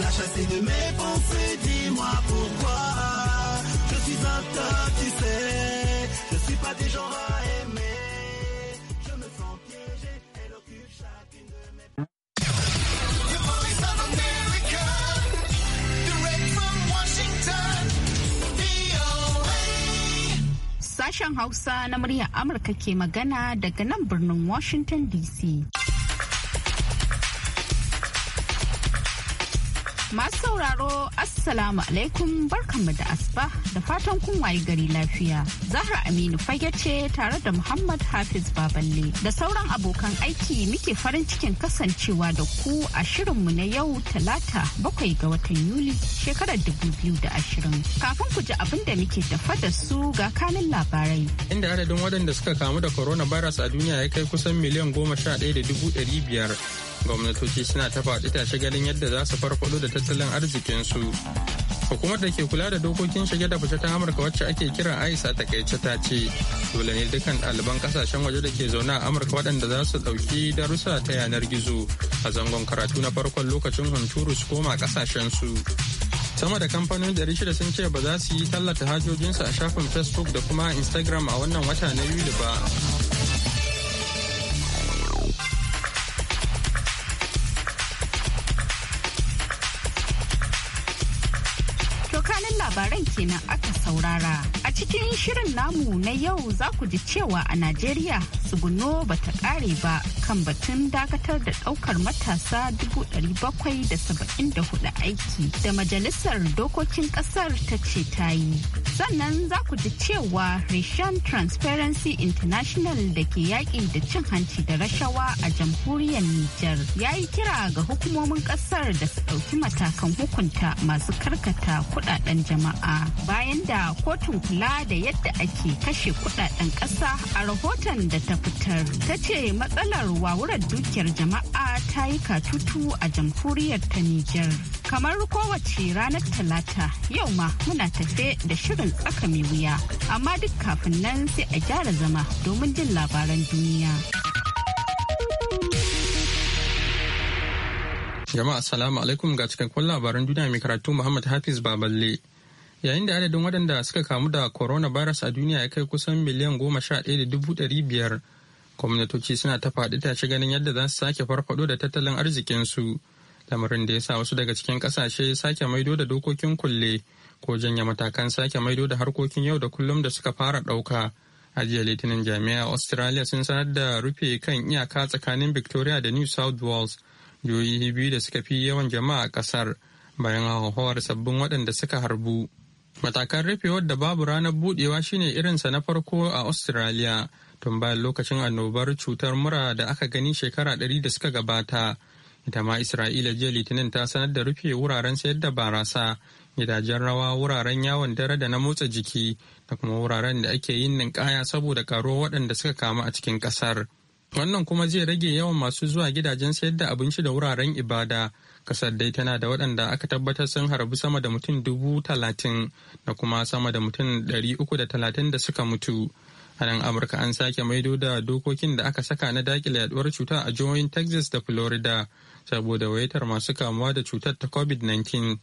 la chasser de mes pensées, dis-moi pourquoi. Je suis un top, tu sais, je suis pas des gens à aimer. The voice of America, direct from Washington. Sashen Hausa na muryar Amurka ke magana daga nan birnin Washington DC. Masu sauraro Assalamu alaikum barkanmu da asuba da fatan kun wayi gari lafiya. Zahra Aminu fage ce tare da Muhammad Hafiz Baballe da sauran abokan aiki muke farin cikin kasancewa da ku a shirinmu na yau talata bakwai ga watan Yuli shekarar dubu biyu da ashirin. Kafin ku ji abin da muke tafa da su ga kanin labarai. Inda adadin waɗanda suka kamu da coronavirus a duniya ya kai kusan miliyan goma sha ɗaya da dubu ɗari biyar gwamnatoci suna ta faɗi tashe ganin yadda za su farfaɗo da tattalin arzikinsu hukumar da ke kula da dokokin shige da fice ta amurka wacce ake kira aisa ta takaice ta ce dole ne dukkan ɗaliban kasashen waje da ke zaune a amurka waɗanda za su ɗauki darussa ta yanar gizo a zangon karatu na farkon lokacin hunturu su koma su sama da kamfanin shida sun ce ba za su yi tallata hajojinsu a shafin facebook da kuma instagram a wannan wata na yuli ba kenan aka saurara. A cikin shirin namu na yau za ku ji cewa a Najeriya tsuguno ba ta kare ba kan batun dakatar da ɗaukar matasa 774 aiki da Majalisar Dokokin Kasar ta ce ta yi. Sannan za ku ji cewa rishon Transparency International da ke yaƙi da cin hanci da rashawa a jamhuriyar Nijar ya yi kira ga hukumomin kasar da su ɗauki matakan hukunta masu karkata kuɗaɗen jama'a. bayan da kotun kula da yadda ake kashe kudaden ƙasa a rahoton da ta fitar ta ce matsalar wawurar dukiyar jama'a ta yi katutu a jamhuriyar ta Nijar. Kamar kowace ranar talata yau ma muna tafe da shirin tsaka mai wuya amma duk kafin nan sai a gyara zama domin jin labaran duniya. Jama'a salamu alaikum ga cikakkun labaran duniya mai karatu Muhammad Hafiz Baballe. yayin da adadin waɗanda suka kamu da corona coronavirus a duniya ya kai kusan miliyan goma sha ɗaya da dubu ɗari biyar gwamnatoci suna ta faɗi ta tashi ganin yadda za su sake farfaɗo da tattalin arzikinsu lamarin da ya sa wasu daga cikin ƙasashe sake maido da dokokin kulle ko janye matakan sake maido da harkokin yau da kullum da suka fara ɗauka a jiya litinin jami'a australia sun sanar da rufe kan iyaka tsakanin victoria da new south wales jihohi biyu da suka fi yawan jama'a a ƙasar bayan hauhawar sabbin waɗanda suka harbu Matakan rufe wadda babu ranar budewa shine irinsa na farko a Australia tun bayan lokacin annobar cutar mura da aka gani shekara ɗari da suka gabata. Ita ma Isra'ila jiya Litinin ta sanar da rufe wuraren sayar da barasa, gidajen rawa, wuraren yawon dare da na motsa jiki da kuma wuraren da ake yin ninkaya saboda karo waɗanda suka kamu a cikin ƙasar. Wannan kuma zai rage yawan masu zuwa gidajen sayar da abinci da wuraren ibada Kasar dai tana da waɗanda aka tabbatar sun harbi sama da mutum dubu talatin da kuma sama da mutum ɗari uku da talatin da suka mutu. A nan Amurka an sake maido da dokokin da aka saka na dakile yaduwar cuta a jihohin Texas da Florida saboda wayatar masu kamuwa da cutar ta COVID-19.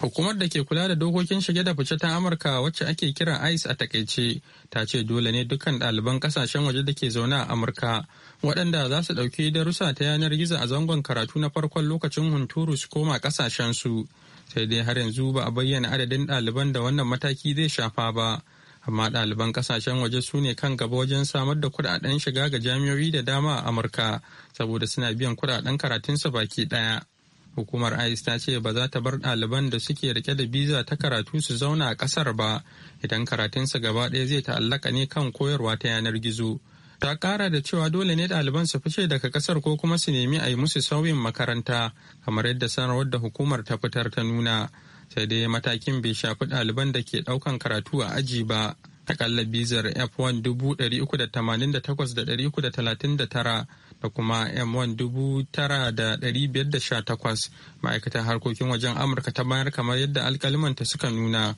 Hukumar da ke kula da dokokin shige da fice ta Amurka wacce ake kira ICE a takaice ta ce dole ne dukkan ɗaliban kasashen waje da ke zaune a Amurka waɗanda za su ɗauki darussa ta yanar gizo a zangon karatu na farkon lokacin hunturu su koma su sai dai har yanzu ba a bayyana adadin ɗaliban da wannan mataki zai shafa ba. Amma ɗaliban kasashen waje su ne kan gaba wajen samar da kuɗaɗen shiga ga jami'o'i da dama a Amurka saboda suna biyan kuɗaɗen karatunsu baki ɗaya. Hukumar ICE ta ce ba za ta bar ɗaliban da suke rike da biza ta karatu su zauna a ƙasar ba idan karatunsa gaba ɗaya zai ta'allaka ne kan koyarwa ta yanar gizo. ta kara da cewa dole ne ɗaliban su fice daga ƙasar ko kuma su nemi a yi musu sauyin makaranta kamar yadda sanarwar da hukumar ta fitar ta nuna sai dai matakin bai shafi ɗaliban da ke ɗaukan karatu a aji ba akalla bizar f1 388,339 da kuma m1 9,518 ma'aikatan harkokin wajen amurka ta bayar kamar yadda alkalimanta suka nuna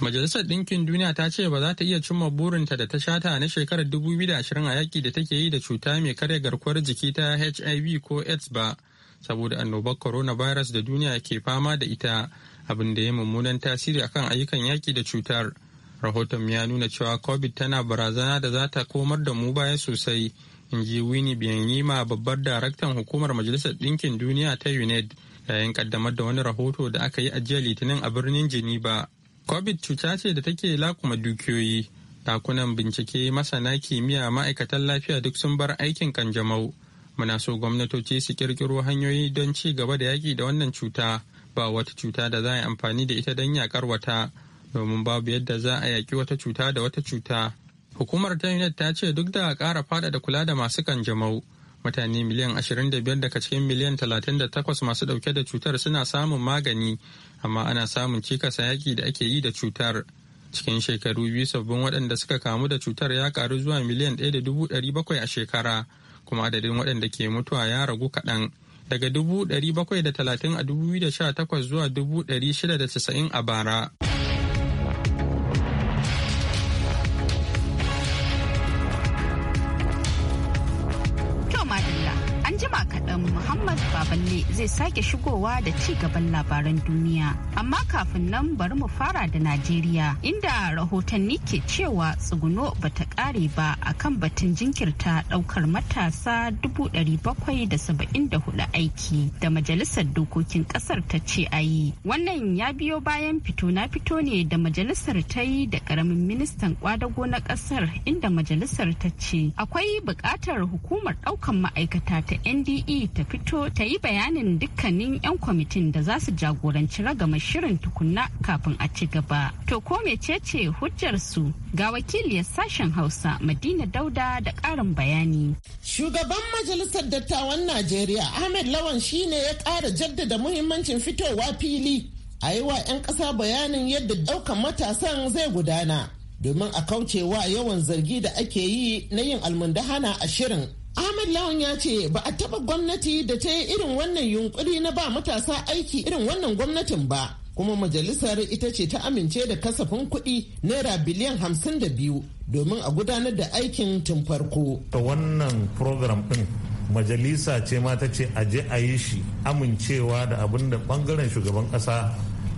majalisar ɗinkin duniya ta ce ba za ta iya cimma burinta da ta shata na shekarar 2020 a yaƙi da take yi da cuta mai karya garkuwar jiki ta hiv ko aids ba saboda annobar coronavirus da duniya ke fama da ita abin da ya mummunan tasiri akan ayyukan yaƙi da cutar rahoton ya nuna cewa covid tana barazana da za ta komar da mu baya sosai in ji wini biyanima babbar daraktan hukumar majalisar ɗinkin duniya ta uned yayin kaddamar da wani rahoto da aka yi a jiya litinin a birnin geneva covid cuta ce da take lakuma dukiyoyi ɗakunan bincike masana kimiyya ma'aikatan lafiya duk sun bar aikin kanjamau muna so gwamnatoci su kirkiro hanyoyi don ci gaba da yaƙi da wannan cuta ba wata cuta da za a yi amfani da ita don yaƙar wata domin babu yadda za a yaƙi wata cuta da wata cuta. Hukumar ta UNED ta ce duk da ƙara faɗaɗa kula da masu kanjamau, mutane miliyan 25 daga cikin miliyan 38 masu ɗauke da cutar suna samun magani, amma ana samun cikasa yaƙi da ake yi da cutar. Cikin shekaru biyu sabbin waɗanda suka kamu da cutar ya ƙaru zuwa miliyan 1,700 a shekara, kuma adadin waɗanda ke mutuwa ya ragu kaɗan. Daga 730 a 2018 zuwa 690 a bara. zai sake shigowa da ci gaban labaran duniya. Amma kafin nan bari mu fara da Najeriya inda rahotanni ke cewa tsuguno ta kare ba akan batun jinkirta daukar matasa 774 aiki da majalisar dokokin kasar ta ce a yi. Wannan ya biyo bayan fito na fito ne da majalisar ta yi da karamin ministan kwadago na kasar inda majalisar ta ce akwai bukatar hukumar daukan ma'aikata ta NDE ta fito ta yi bayanin sanin dukkanin 'yan kwamitin da za su jagoranci ragama shirin tukunna kafin a ci gaba. To ko mecece hujjar su ga wakiliyar sashen Hausa Madina Dauda da karin bayani. Shugaban Majalisar Dattawan Najeriya Ahmed Lawan shi ne ya ƙara jaddada muhimmancin fitowa fili a yi wa 'yan ƙasa bayanin yadda ɗaukan matasan zai gudana domin a kaucewa yawan zargi da ake yi na yin almundahana a shirin. ahmed Lawan ya ce ba a taba gwamnati da ta yi irin wannan yunkuri na ba matasa aiki irin wannan gwamnatin ba. kuma majalisar ita ce ta amince da kasafin kuɗi naira biliyan hamsin da biyu domin a gudanar da aikin tun farko. ta wannan program ɗin majalisa ce ma ta ce aje a yi shi amincewa da abin da ɓangaren shugaban ƙasa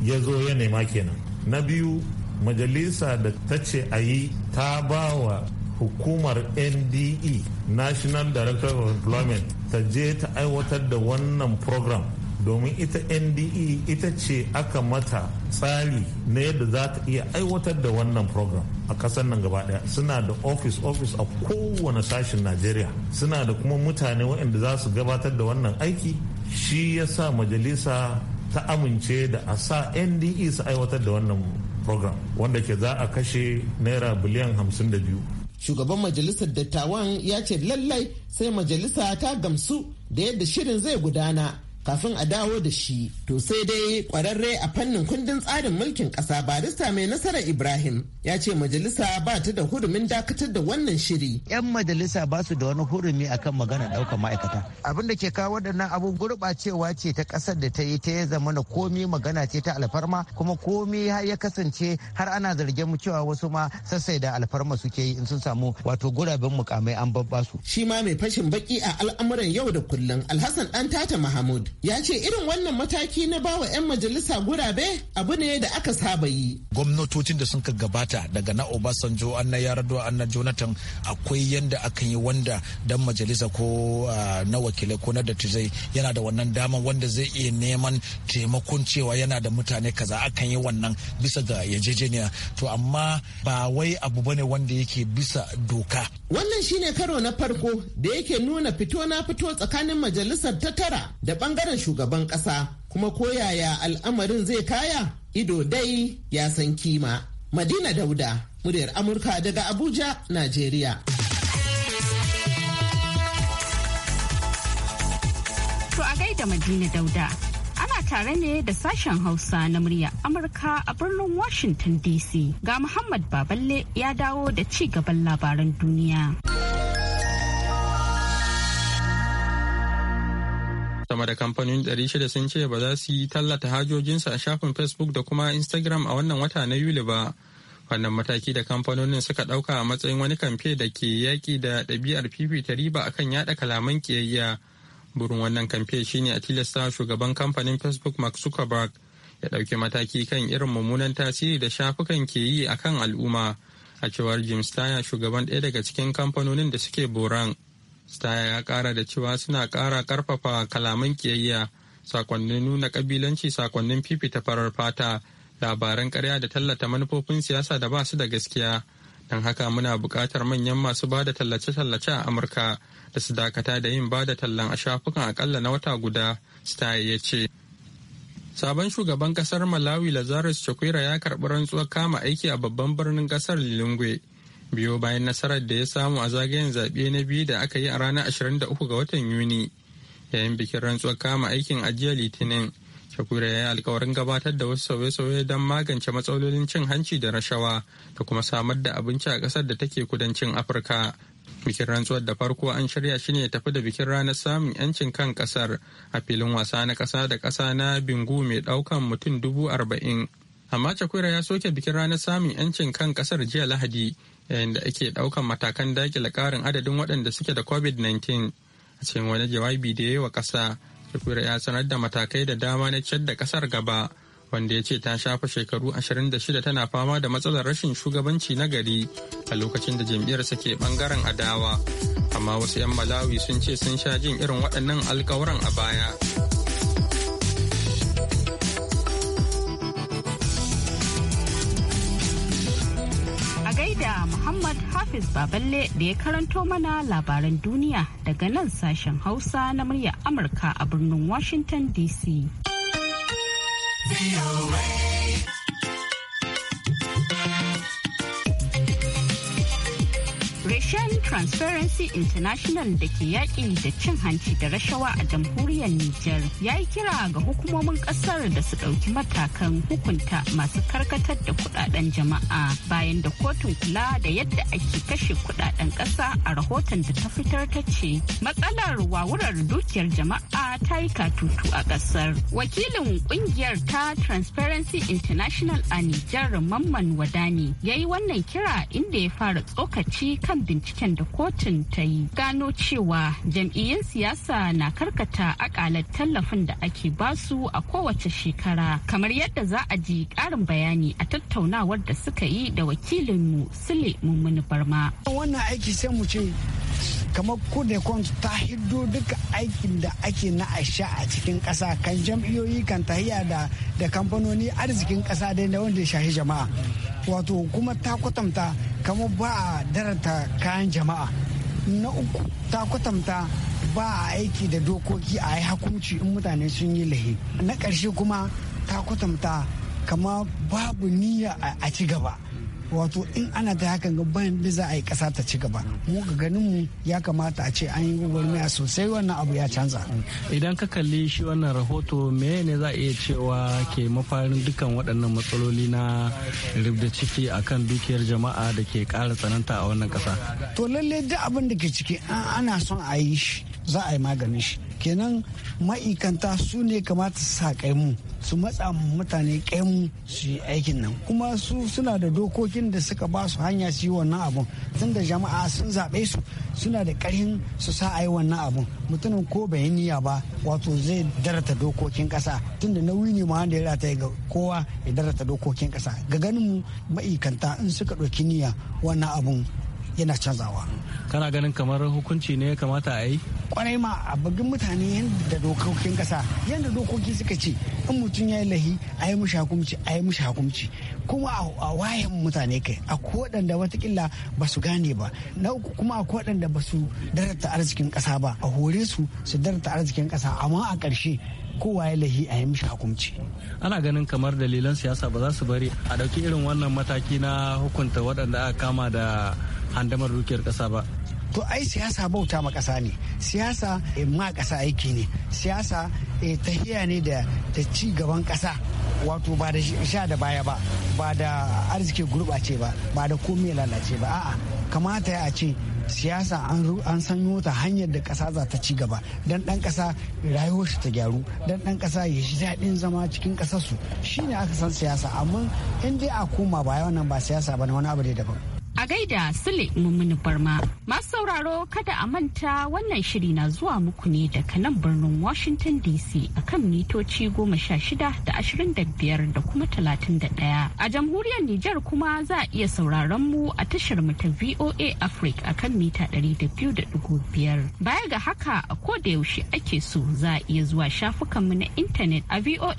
ya zo ya nema kenan na biyu majalisa da ta ce a yi ta bawa. hukumar nde national director of employment ta je ta aiwatar da wannan program domin ita nde ita ce aka mata tsari na yadda za ta iya aiwatar da wannan program a kasar nan gaba daya suna da office office a kowane sashen najeriya suna da kuma mutane waɗanda za su gabatar da wannan aiki shi ya sa majalisa ta amince da a sa nde su aiwatar da wannan program wanda ke za a kashe naira biliyan 52 shugaban majalisar dattawan ya ce lallai sai majalisa ta gamsu da yadda shirin zai gudana kafin a dawo da shi to sai dai kwararre a fannin kundin tsarin mulkin kasa barista mai nasara ibrahim ya ce majalisa ba ta da hurumin dakatar da wannan shiri yan majalisa ba su da wani hurumi akan magana ɗaukar ma'aikata abin da ke kawo waɗannan abu gurɓacewa ce ta ƙasar da ta yi ta ya zama na komi magana ce ta alfarma kuma komi ya kasance har ana zargin mu cewa wasu ma sassai da alfarma suke yi in sun samu wato guraben mukamai an babba su shi ma mai fashin baki a al'amuran yau da kullum alhassan dan tata mahamud ya ce irin wannan mataki na bawa 'yan majalisa gurabe abu ne da aka saba yi. Gwamnatocin da sun ka gabata daga na Obasanjo, an na yaradu an na Jonathan akwai yadda aka yi wanda dan majalisa ko ah, na wakilai ko na dattijai yana da wannan daman wanda zai iya neman taimakon cewa yana da mutane kaza akan yi wannan bisa ga yarjejeniya. To amma ba wai abu bane wanda yake bisa doka. Wannan shine karo na farko da yake nuna fito na fito tsakanin majalisar ta tara da bangare. bangaren shugaban ƙasa kuma koyaya al'amarin zai kaya ido dai ya san kima madina dauda muryar amurka daga abuja najeriya to a gaida madina dauda ana tare ne da sashen hausa na murya amurka a birnin washington dc ga muhammad baballe ya dawo da ci gaban labaran duniya. da kamfanonin 600 sun ce ba za su yi tallata hajojinsu a shafin facebook da kuma instagram a wannan wata na yuli ba wannan mataki da kamfanonin suka dauka a matsayin wani kamfe da ke yaƙi da ɗabi'ar fifita riba akan yaɗa kalaman ƙiyayya burin wannan kamfe shine a tilasta shugaban kamfanin facebook mark zuckerberg ya ɗauki mataki kan irin mummunan tasiri da shafukan ke yi kan al'umma a cewar jim steyer shugaban ɗaya daga cikin kamfanonin da suke boran Staya ya kara da cewa suna kara karfafa kalaman kiyayya sakonnin nuna kabilanci sakonnin fifita farar fata labaran karya da tallata manufofin siyasa da ba su da gaskiya don haka muna buƙatar manyan masu ba da tallace-tallace a amurka da su dakata da yin ba da tallan a shafukan akalla na wata guda staya ya ce sabon shugaban kasar malawi lazarus chakwera ya karɓi rantsuwar kama aiki a babban birnin kasar lilongwe biyo bayan nasarar da ya samu a zagayen zaɓe na biyu da aka yi a ranar 23 ga watan yuni yayin bikin rantsuwar kama aikin ajiya litinin shakura ya yi alkawarin gabatar da wasu sauye-sauye don magance matsalolin cin hanci da rashawa da kuma samar da abinci a ƙasar da take kudancin afirka bikin rantsuwar da farko an shirya shi ne tafi da bikin ranar samun yancin kan ƙasar a filin wasa na ƙasa da ƙasa na bingu mai ɗaukan mutum dubu arba'in amma chakwera ya soke bikin ranar samun yancin kan ƙasar jiya lahadi yayin da ake daukan matakan dakile karin adadin waɗanda suke da covid-19 a cikin wani jawabi da ya yi wa ƙasa shakura ya sanar da matakai da dama na ciyar da kasar gaba wanda ya ce ta shafa shekaru 26 tana fama da matsalar rashin shugabanci na gari a lokacin da jam'iyyarsa ke bangaren adawa amma wasu 'yan malawi sun ce sun sha jin irin waɗannan alkawuran a baya Hafiz Baballe da ya karanto mana labaran duniya daga nan sashen Hausa na murya Amurka a birnin Washington DC. Transparency International da ke yaƙi da cin hanci da rashawa a jamhuriyar Nijar ya yi kira ga hukumomin ƙasar da su ɗauki matakan hukunta masu karkatar da kuɗaɗen jama'a bayan da kotun kula da yadda ake kashe kuɗaɗen ƙasa a rahoton da ta fitar ta ce matsalar wawurar dukiyar jama'a ta yi katutu a ƙasar. Wakilin ƙungiyar ta Transparency International a Nijar Mamman Wadani ya yi wannan kira inda ya fara tsokaci kan binciken da kotun ta yi gano cewa jam'iyyun siyasa na karkata akalar tallafin da ake basu a kowace shekara kamar yadda za a ji karin bayani a tattaunawar da suka yi da wakilinmu sule mummuni barma wannan aiki sai mu ce kamar kudin ta hiddo duka aikin da ake na asha a cikin kasa kan jam'iyoyi kan tahiya da da kamfanoni arzikin kasa dai da wanda ya shahi jama'a wato kuma ta kwatanta kamar ba a darata kayan jama'a na uku ta kwatanta ba a aiki da dokoki a yi hakunci in mutane sun yi lahi na ƙarshe kuma ta kwatanta kama babu niyya a ci gaba wato in ana ta hakan ga ban da za a yi kasa ta ci gaba mu ga ganin mu ya kamata a ce an yi gwagwarmaya sosai wannan abu ya canza idan ka kalli shi wannan rahoto me ne za a iya cewa ke mafarin dukkan waɗannan matsaloli na rubda ciki akan dukiyar jama'a da ke ƙara tsananta a wannan ƙasa to lalle duk abin da ke ciki ana son a yi shi za a yi maganin shi kenan ma'aikanta su ne kamata su sa kaimu su matsa mutane kaimu su yi aikin nan kuma su suna da dokokin da suka ba su hanya su yi wannan abun tun da jama'a sun zaɓe su suna da ƙarfin su sa a yi wannan abun mutumin ko bai niyya ba wato zai darata dokokin ƙasa tunda nauyi ne ma wanda ya rata ga kowa ya darata dokokin ƙasa ga ganin mu ma'aikanta in suka ɗauki niyya wannan abun yana canzawa kana ganin kamar hukunci ne ya kamata a yi kwarai ma a bugin mutane yadda dokokin kasa yadda dokoki suka ce in mutum ya yi lahi a yi mushi hukunci a yi mushi hukunci kuma a wayan mutane kai a da watakila ba su gane ba na uku kuma a waɗanda ba su darata arzikin kasa ba a hore su su darata arzikin kasa amma a ƙarshe kowa ya lahi a yi mishi hukunci ana ganin kamar dalilan siyasa ba za su bari a ɗauki irin wannan mataki na hukunta waɗanda aka kama da handamar dukiyar ƙasa ba to ai siyasa bauta ma ƙasa ne siyasa eh, ma ƙasa aiki ne siyasa eh, tahiya ne da ta ci gaban ƙasa wato ba da sha da baya ba ba da arziki gurɓace ba ba da komai lalace ba a'a kamata ya ce siyasa an sanyo ta hanyar da ƙasa za ta ci gaba don ɗan ƙasa rayuwar shi ta gyaru don ɗan ƙasa ya shi daɗin zama cikin ƙasarsu shine aka san siyasa amma in dai a koma ba yawan nan ba siyasa ba na wani abu ne daban A gaida Sule Mummuni Barma. Masu sauraro kada a manta wannan shiri na zuwa muku ne daga nan birnin Washington DC a kan mitoci goma sha shida da ashirin da biyar da kuma talatin da ɗaya. A jamhuriyar Nijar kuma za a iya sauraron mu a tashar mu ta VOA Africa a kan mita ɗari da biyu da ɗigo biyar. Baya ga haka a koda yaushe ake so za a iya zuwa shafukan mu na intanet a voa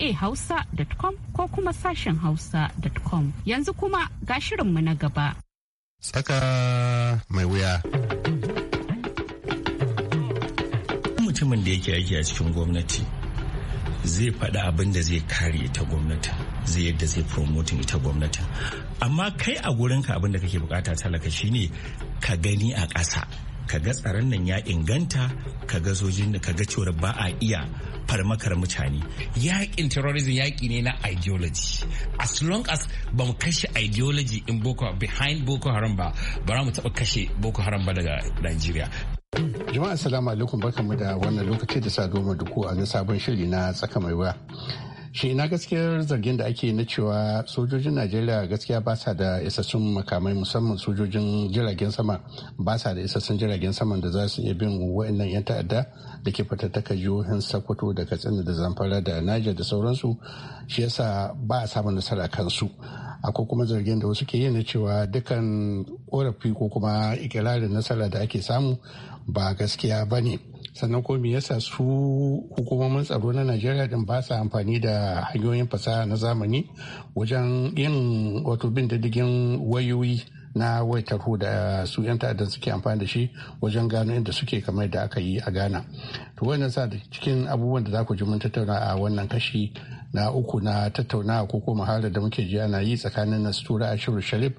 com ko kuma sashen hausa.com. Yanzu kuma ga shirinmu na gaba. Tsaka mai wuya. Mutumin da yake aiki a cikin gwamnati zai faɗi abin da zai kare ita gwamnati zai yadda zai promoting ita gwamnati amma kai a gurinka abin da kake bukata talaka shine ka gani a ƙasa ka ga tsaron nan ya inganta ka ga sojin ka ga cewar ba a iya farmakar mutane yakin terrorism yaki ne na ideology as long as ba mu kashe ideology in boko behind boko haram ba ba mu taba kashe boko haram ba daga nigeria jama'a assalamu alaikum barkamu da wannan lokaci da sa doma duku a sabon shiri na tsaka mai waya. shi ina gaskiyar zargin da ake na cewa sojojin najeriya gaskiya ba sa da isassun makamai musamman sojojin jiragen sama ba sa da isassun jiragen saman da za su iya bin wa'annan 'yan ta'adda da ke fatattaka jihohin sokoto da katsina da zamfara da niger da sauransu shi yasa ba a samun nasara kansu akwai kuma zargin da wasu ke yi na cewa dukkan korafi ko kuma ikirarin nasara da ake samu ba gaskiya ba ne sannan ko me yasa su hukumomin tsaro na najeriya din ba sa amfani da hanyoyin fasaha na zamani wajen yin wato bin diddigin wayoyi na waitarho da su 'yan ta'addan suke amfani da shi wajen gano inda suke kamar da aka yi a ghana to wannan sa da cikin abubuwan da za ku ji mun tattauna a wannan kashi na uku na tattaunawa ko kuma halar da muke ji ana yi tsakanin nastura ashiru sharif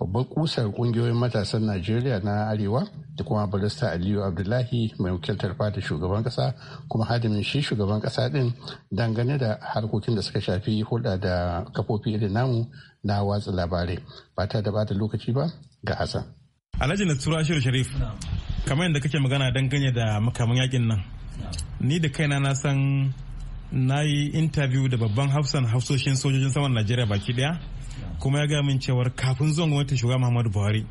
babban kusar kungiyoyin matasan najeriya na arewa da kuma barista aliyu abdullahi mai wakiltar fata shugaban kasa kuma hadimin shi shugaban kasa din dangane da harkokin da suka shafi hulɗa da kafofi irin namu na watsa labarai ba ta da bata lokaci ba ga hassan alhaji nastura ashiru sharif kamar yadda kake magana dangane da makamin yakin nan ni da kaina na san na yi interview da babban hafsan hafsoshin sojojin saman najeriya baki daya kuma ya gaya min cewar kafin zuwan gwamnatin shugaba muhammadu buhari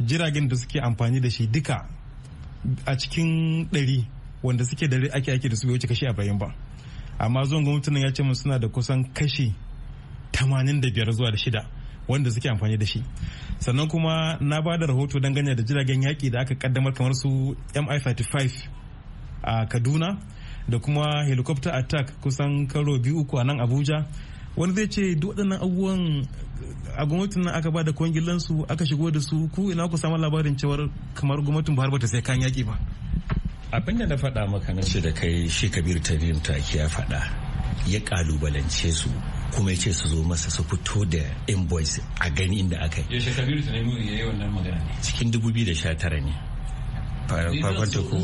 jiragen da suke amfani da shi duka a cikin ɗari wanda suke da ake ake da su wuce kashi arba'in ba amma zuwan gwamnatin ya ce min suna da kusan kashi tamanin da biyar zuwa da shida wanda suke amfani da shi sannan kuma na ba da rahoto dangane da jiragen yaƙi da aka kaddamar kamar su mi 35 a kaduna da kuma helicopter attack kusan karo biyu uku a nan abuja wani zai ce duk waɗannan abubuwan a gwamnatin nan aka ba da kwangilan su aka shigo da su ku ina ku samu labarin cewar kamar gwamnatin buhari bata sai kayan yaki ba abin da na faɗa maka na ce da kai shi kabir tamim taki ya faɗa ya kalubalance su kuma ya ce su zo masa su fito da invoice a gani inda aka yi. Yaushe Kabiru ta nemi ya yi wannan magana ne? Cikin 2019 ne. farfata ko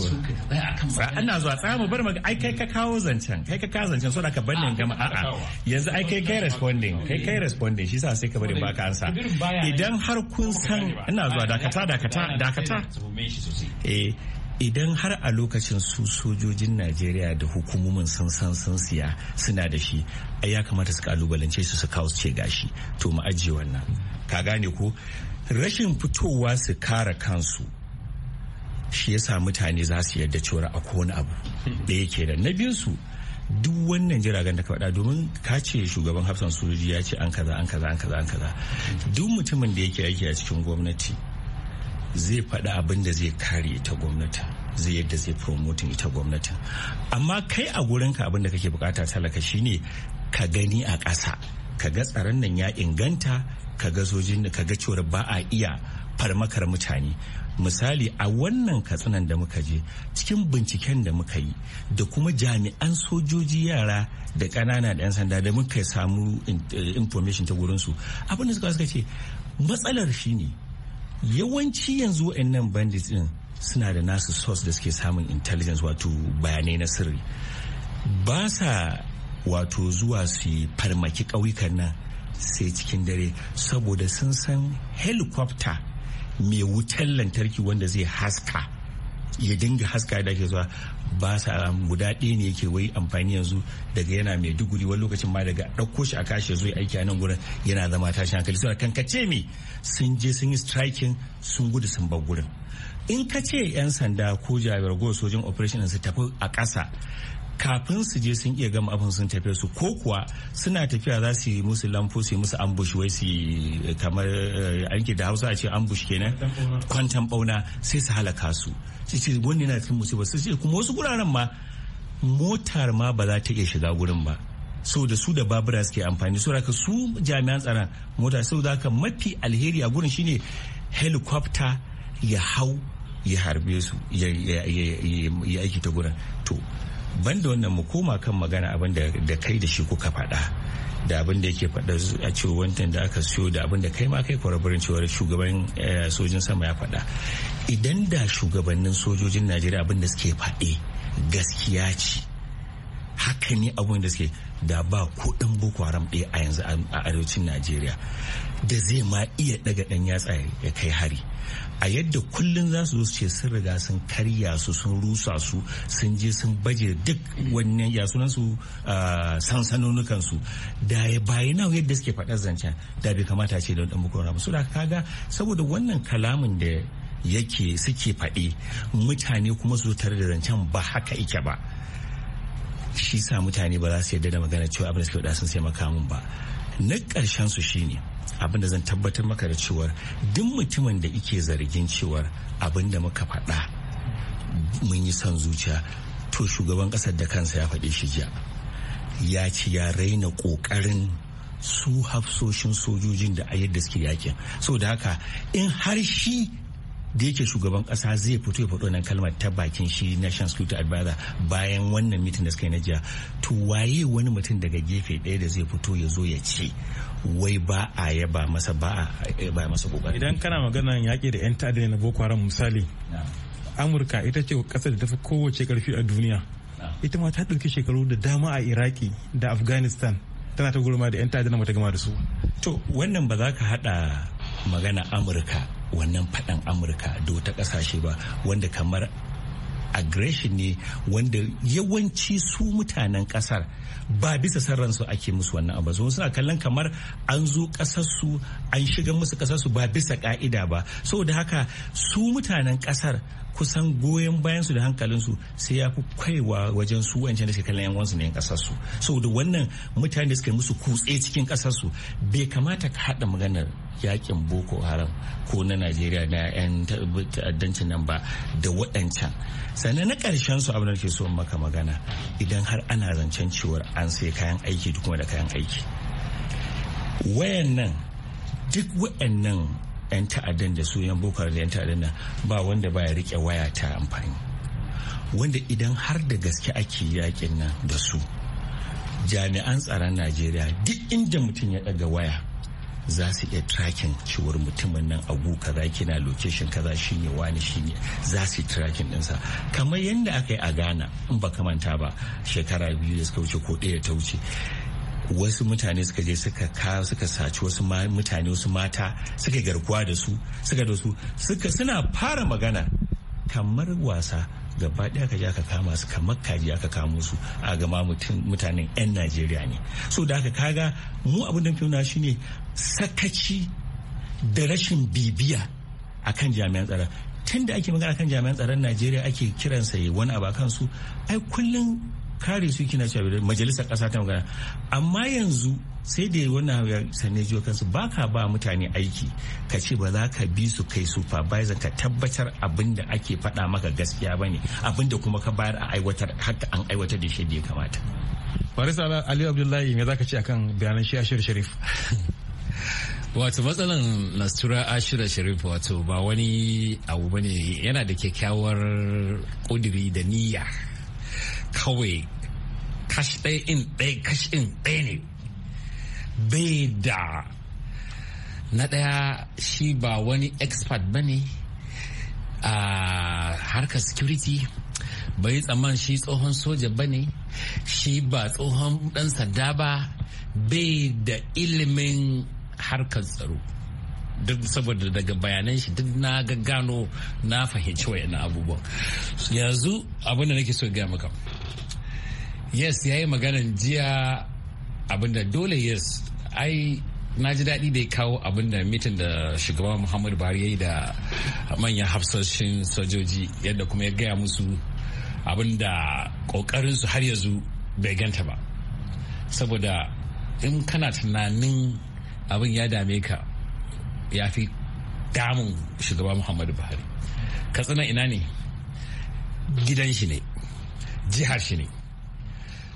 Ina zuwa tsaya mu bar mu ai kai ka kawo zancen kai ka kawo zancen so da ka bar gama a'a yanzu ai kai kai responding kai kai responding shi sa sai ka bari baka ansa idan har kun san ina zuwa dakata dakata dakata eh idan har a lokacin su sojojin najeriya da hukumomin sun san sun siya suna da shi ai ya kamata su kalubalance su su kawo ce gashi to mu ajiye wannan ka gane ko rashin fitowa su kara kansu shi ya sa mutane za su yarda cewa a kowane abu da yake da na su duk wannan jiragen da ka faɗa domin ka ce shugaban hafsan sojoji ya ce an kaza an kaza an kaza an kaza duk mutumin da yake aiki a cikin gwamnati zai faɗa abin da zai kare ita gwamnatin zai yadda zai promoting ita gwamnatin amma kai a gurinka abin da kake bukata talaka shine ka gani a ƙasa ka ga tsaron nan ya inganta ka ga sojin ka ga cewar ba a iya farmakar mutane misali a wannan katsinan da muka je cikin binciken da muka yi da kuma jami'an sojoji yara da ƙanana da 'yan sanda da muka samu eh, information ta gurinsu abin da suka suka ce matsalar shi ne. yawanci yanzu nan bandits din suna da nasu source da suke samun intelligence wato bayanai na sirri ba sa wato zuwa su farmaki ƙauyukan nan sai cikin dare saboda sun san helicopter mai wutar lantarki wanda zai haska ya dinga haska da ke zuwa ba sa guda ɗaya ne yake wai amfani yanzu daga yana mai duguri wani lokacin ma daga ɗauko shi a kashe zo aiki a nan gurin yana zama tashin hankali suna kankace me sun je sun yi striking sun gudu sun bar gurin in ka ce 'yan sanda ko jami'ar go sojin operation su tafi a ƙasa kafin su je sun iya gama abin sun tafiya su ko kuwa suna tafiya za su yi musu lamfo su yi musu ambush wai su eh, kamar eh, an da hausa a ce ambush kenan kwantan bauna sai su halaka su sai ce wani na cikin musibar su ce kuma wasu guraren ma motar ma ba za ta iya shiga gurin ba so da su da babura suke amfani so raka su jami'an tsaron mota sau da mafi alheri a gurin shine helicopter ya hau ya harbe su ya aiki ta gurin to banda wannan mu koma kan magana abin da kai da shi kuka faɗa da abin da yake faɗa a cewa wantan da aka siyo da abin da kai ma kai kwarabarin cewar shugaban eh, sojin sama ya faɗa idan da shugabannin sojojin najeriya abin da suke faɗe gaskiya ce haka ne abin da suke da ba kuɗin boko haram ɗaya a yanzu a arewacin najeriya da zai ma iya ɗaga ɗan yatsa ya kai hari a yadda kullum za su ce sun riga sun karya su sun rusa su sun je sun baje duk wannan ya sunan su ah, sansanonukan su da ya bayi yadda suke faɗar zancen da bai kamata ce da wani ba su da kaga saboda wannan kalamin da yake suke faɗi mutane kuma su tare da zancen ba haka ike ba shi sa mutane ba za su yadda da magana cewa abin da suke faɗa sun sai makamun ba na ƙarshen su shine abin da zan tabbatar maka da cewar duk mutumin da ike zargin cewar abin da muka faɗa mun yi son zuciya to shugaban ƙasar da kansa ya faɗi shi jiya ya ci ya raina ƙoƙarin su hafsoshin sojojin da a yadda suke yakin so da haka in har shi da yake shugaban kasa zai fito ya faɗo nan kalmar ta bakin shi national security advisor bayan wannan mitin da suka yi na jiya to waye wani mutum daga gefe ɗaya da zai fito ya zo ya ce wai ba a yaba masa ba a ba masa kokari idan kana maganar yaƙi da yan ta'adda na boko haram misali amurka ita ce kasar da ta fi kowace karfi a duniya ita ma ta ɗauki shekaru da dama a iraki da afghanistan tana ta gurma da yan ta'adda na mata gama da su to wannan ba za ka haɗa magana amurka wannan faɗan amurka da wata ƙasashe ba wanda kamar aggression ne wanda yawanci su mutanen kasar ba bisa sarransu ake musu wannan abu sun suna kallon kamar an zo kasarsu an shiga musu kasarsu ba bisa ka'ida ba saboda haka su mutanen kasar kusan goyon bayansu da hankalinsu sai ya fi kaiwa wajen su wancan da suke kallon yan wansu ne kasarsu da wannan mutane da suka yi musu kutse cikin kasarsu bai kamata ka haɗa maganar yakin boko haram ko na najeriya na yan ta'addancin nan ba da waɗancan sannan na ƙarshen su abin da ke so maka magana idan har ana zancen cewar an sai kayan aiki duk da kayan aiki wayan duk wayannan. 'yan ta'addan da su 'yan boko da 'yan ta'addan nan ba wanda baya rike waya ta amfani wanda idan har da gaske ake yakin nan da su jami'an tsaron najeriya duk inda mutum ya daga waya za su iya trakin ciwar mutumin nan agu za kina location kaza shine wani shine za su yi trakin dinsa kamar yadda aka yi a ghana in ba kamanta ba shekara biyu da suka wuce ko ɗaya ta wuce wasu mutane suka je suka ka suka saci wasu mutane wasu mata suka garkuwa da su suka da su suka suna fara magana kamar wasa gaba ɗaya ka je aka kama su kamar kaji aka kamo su a gama mutanen 'yan najeriya ne so da aka kaga mu abin da shi shine sakaci da rashin bibiya a kan jami'an tsaro tun da ake magana kan jami'an tsaron najeriya ake kiransa ya wani abu kansu ai kullum kare su kina cewa majalisar kasa ta magana amma yanzu sai da wannan hanyar sanne jiwa kansu ba ka ba mutane aiki ka ce ba za ka bi su kai supervisor ka tabbatar abin da ake faɗa maka gaskiya ba ne abin da kuma ka bayar a aiwatar haka an aiwatar da shi ya kamata. Faris Ali Abdullahi me za ka ce akan bayanan shi Ashir Sharif? wato matsalan nastura ashira sharif wato ba wani abu bane yana da kyakkyawar kudiri da niyya kawai kashi ɗaya in ɗaya kashi in ɗaya ne bai da na ɗaya shi ba wani expert ba ne a harkar security bai tsaman shi tsohon soja ba ne shi ba tsohon ɗan sanda ba bai da ilimin harkar tsaro duk saboda daga bayanan shi duk na gaggano na fahimci wayannan abubuwan yanzu abin nake so gaya maka yes ya yi maganan jiya abinda dole yes ai na ji daɗi da ya kawo abinda da mitin da shugaban muhammadu buhari ya yi da manyan hafsoshin sojoji yadda kuma ya gaya musu abinda da ƙoƙarinsu har yanzu bai ganta ba saboda in kana tunanin abin ya dame ka ya fi damun shugaba muhammadu buhari katsina ina ne gidan shi ne jihar shi ne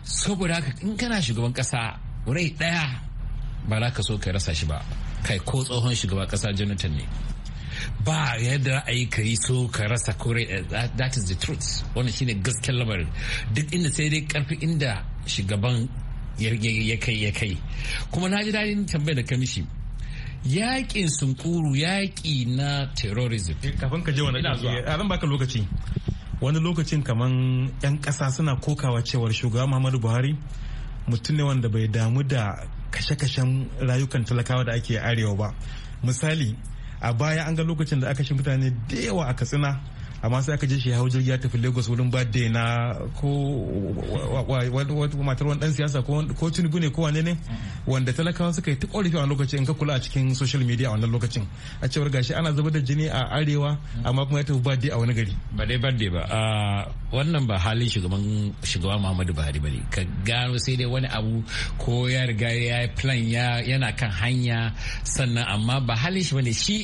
saboda haka in kana shugaban kasa rai daya ba za ka so ka rasa shi ba kai ko tsohon shugaban kasa jonathan ne ba yadda ra'ayi ka yi so ka rasa kore that is the truth wannan shine gasken lamarin duk inda sai dai karfi inda shugaban ya kai ya kai kuma na ji daɗin tambayar da kamishi yaƙin sunkuru yaƙi na terrorism eh, kafin ka je wani ina zuwa eh, a zan baka lokaci wani lokacin kaman 'yan ƙasa suna kokawa cewar shugaba muhammadu buhari mutum ne wanda bai damu da kashe-kashen rayukan talakawa da ake arewa ba misali a baya an ga lokacin da aka shi mutane da yawa a katsina amma sai aka je shi hau jirgi ya tafi lagos wurin birthday na ko matar wani dan siyasa ko tinubu ne ko wane ne wanda talakawa suka yi ta korafi a lokacin in ka kula a cikin social media a wannan lokacin a cewar gashi ana zubar da jini a arewa amma kuma ya tafi birthday a wani gari ba dai birthday ba wannan ba halin shugaban shugaba muhammadu buhari ba ne ka gano sai dai wani abu ko ya riga ya yi plan yana kan hanya sannan amma ba halin shi ba ne shi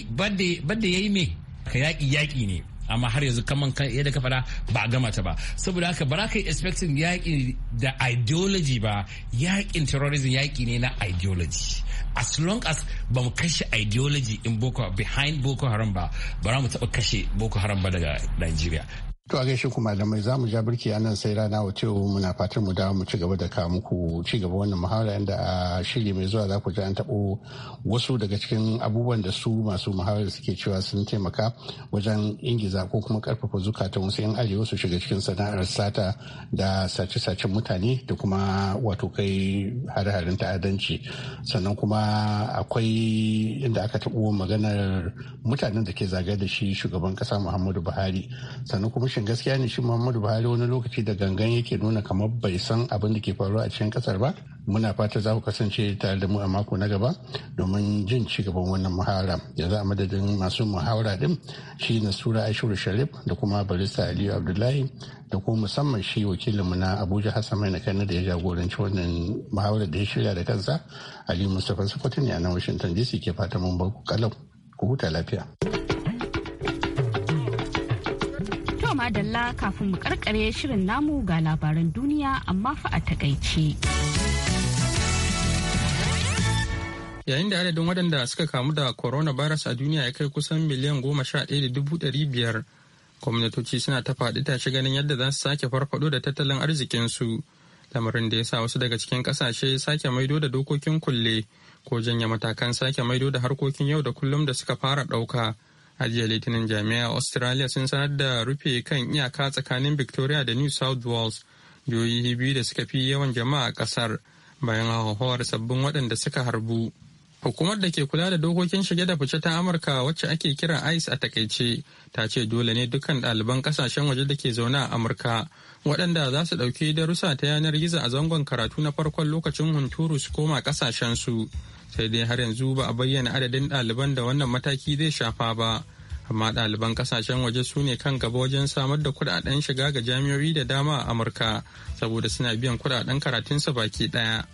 birthday ya yi me ka yaƙi yaƙi ne amma har yanzu kaman kan yadda ka fada ba a gama ta ba saboda haka ba za ka yi expecting yaƙi da ideology ba yaƙin terrorism yaƙi ne na ideology as long as ba mu kashe ideology in boko behind boko haram ba ba za mu taɓa kashe boko haram ba daga nigeria To a gaishe ku malamai za mu ja birki a nan sai rana wace muna fatan mu da mu ci gaba da kamu ku ci gaba wannan muhawara inda a shiri mai zuwa za ku ji an taɓo wasu daga cikin abubuwan da su masu muhawara suke cewa sun taimaka wajen ingiza ko kuma karfafa zukatan wasu yan arewa su shiga cikin sana'ar sata da sace-sacen mutane da kuma wato kai hare-haren ta'addanci sannan kuma akwai inda aka taɓo maganar mutanen da ke zagaya da shi shugaban kasa Muhammadu Buhari sannan kuma rashin gaskiya ne shi muhammadu buhari wani lokaci da gangan yake nuna kamar bai san abin da ke faruwa a cikin kasar ba muna fata za ku kasance tare da mu a mako na gaba domin jin ci gaban wannan muhawara Yanzu, za a madadin masu muhawara din shi sura ashiru sharif da kuma barista aliyu abdullahi da kuma musamman shi wakilinmu na abuja hassan mai na da ya jagoranci wannan muhawarar da ya shirya da kansa aliyu mustapha sufatin ne a washington dc ke fata mun bar ku kalau ku huta lafiya. madalla kafin mu karkare shirin namu ga labaran duniya amma fa a takaice. Yayin da adadin wadanda suka kamu da coronavirus a duniya ya kai kusan miliyan goma sha ɗaya da dubu ɗari biyar, gwamnatoci suna ta faɗi tashi ganin yadda za su sake farfaɗo da tattalin arzikinsu. Lamarin da ya sa wasu daga cikin ƙasashe sake maido da dokokin kulle ko janye matakan sake maido da harkokin yau da kullum da suka fara ɗauka. a litinin jami'a australia sun sanar da rufe kan iyaka tsakanin victoria da new south wales jihohi biyu da suka fi yawan jama'a a kasar bayan hauhawar sabbin waɗanda suka harbu Hukumar da ke kula da dokokin shige da fice ta Amurka wacce ake kira ICE a takaice ta ce dole ne dukkan ɗaliban kasashen waje da ke zaune a Amurka waɗanda za su ɗauki darussa ta yanar gizo a zangon karatu na farkon lokacin hunturu su koma su sai dai har yanzu ba a bayyana adadin ɗaliban da wannan mataki zai shafa ba. Amma ɗaliban kasashen waje su ne kan gaba wajen samar da kuɗaɗen shiga ga jami'o'i da dama a Amurka saboda suna biyan kuɗaɗen karatunsa baki ɗaya.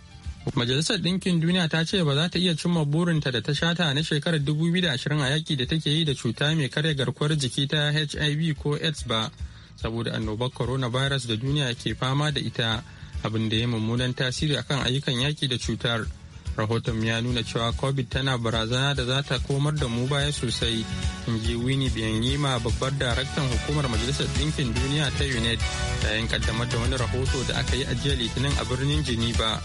Majalisar Ɗinkin Duniya ta ce ba za ta iya cimma burinta da ta shata na shekarar 2020 a yaƙi da take yi da cuta mai karya garkuwar jiki ta HIV ko AIDS ba, saboda annobar coronavirus da duniya ke fama da ita, abin da ya mummunan tasiri akan ayyukan yaƙi da cutar. Rahoton ya nuna cewa COVID tana barazana da za ta komar da mu baya sosai, in ji Winnie Bianyima babbar daraktan hukumar Majalisar Ɗinkin Duniya ta UNED, yayin kaddamar da wani rahoto da aka yi a jiya Litinin a birnin Geneva.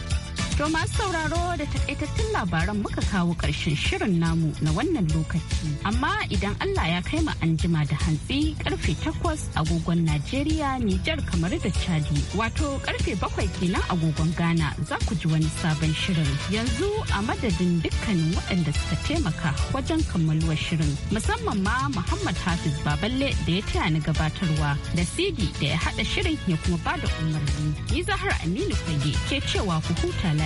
To masu sauraro da takaitattun labaran muka kawo ƙarshen shirin namu na wannan lokaci. Amma idan Allah ya kai anjima da hantsi karfe takwas agogon Najeriya, Nijar kamar da Chadi. Wato karfe bakwai kenan agogon Ghana za ku ji wani sabon shirin. Yanzu a madadin dukkanin waɗanda suka taimaka wajen kammaluwar shirin. Musamman ma Muhammad Hafiz Baballe da ya taya ni gabatarwa da Sidi da ya haɗa shirin ya kuma bada umarni. Ni Zahra Aminu Fage ke cewa ku huta lafiya.